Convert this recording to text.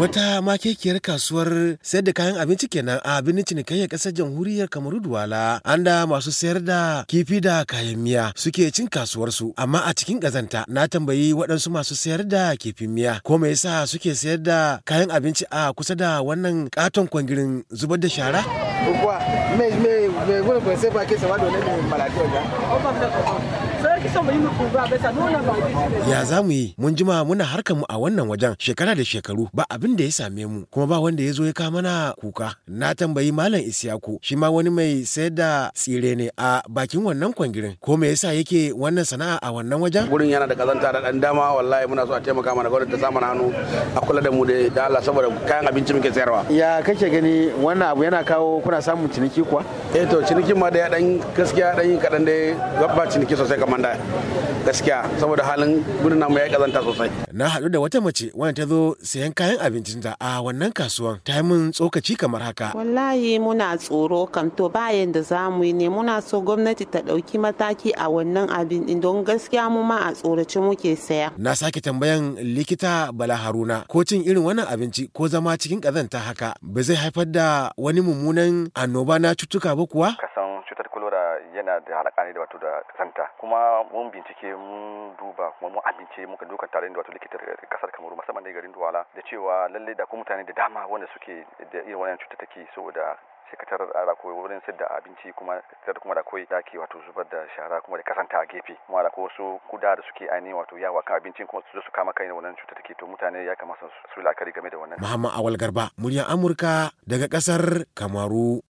Wata makekiyar kasuwar sayar da kayan abinci kenan a birnin cinikayyar ƙasar jamhuriyar Kamaru Duwala an da masu sayar da kifi da kayan miya suke cin kasuwarsu amma a cikin gazanta na tambayi waɗansu masu sayar da kifin miya ko me yasa suke sayar da kayan abinci a kusa da wannan katon kwangirin zubar da shara? Ya za mu yi mun jima muna harkar mu a wannan wajen shekara da shekaru ba abin da ya same mu kuma ba wanda ya zo ya kama mana kuka. Na tambayi Malam Isiyaku shi ma wani mai sayar da tsire ne a bakin wannan kwangirin ko me yasa yake wannan sana'a a wannan wajen? Gurin yana da kazanta da dan dama wallahi muna so a taimaka mana gwamnati ta s'a mana hannu a kula da mu da Allah saboda kayan abinci muke sayarwa. Ya kake gani wannan abu yana kawo kuna samun ciniki kuwa? Eh to cinikin ma da ya dan gaskiya dan kadan dai ba ciniki sosai kamar da gaskiya saboda halin gudun namu ya kazanta sosai na haɗu da wata mace wanda ta zo sayan kayan abincin ta a wannan kasuwan ta yi min tsokaci kamar haka wallahi muna tsoro kam to bayan da za mu yi ne muna so gwamnati ta ɗauki mataki a wannan abin don gaskiya mu ma a tsorace muke saya na sake tambayan likita bala haruna ko cin irin wannan abinci ko zama cikin kazanta haka ba zai haifar da wani mummunan annoba na cutuka ba kuwa wanda yana da halaka ne da wato da kasanta kuma mun bincike mun duba kuma mun amince muka duka tare da wato likitar kasar kamaru musamman da garin duwala da cewa lalle da kuma mutane da dama wanda suke da irin wannan cuta take saboda sekatar da akwai wurin sayar da abinci kuma shekatar kuma da akwai daki wato zubar da shara kuma da kasanta a gefe kuma da wasu kuda da suke ainihin wato yawa kan abincin kuma su su kama kai da wannan cuta take to mutane ya kamata su la'akari game da wannan. Muhammad Awal Garba, muryar Amurka daga kasar Kamaru.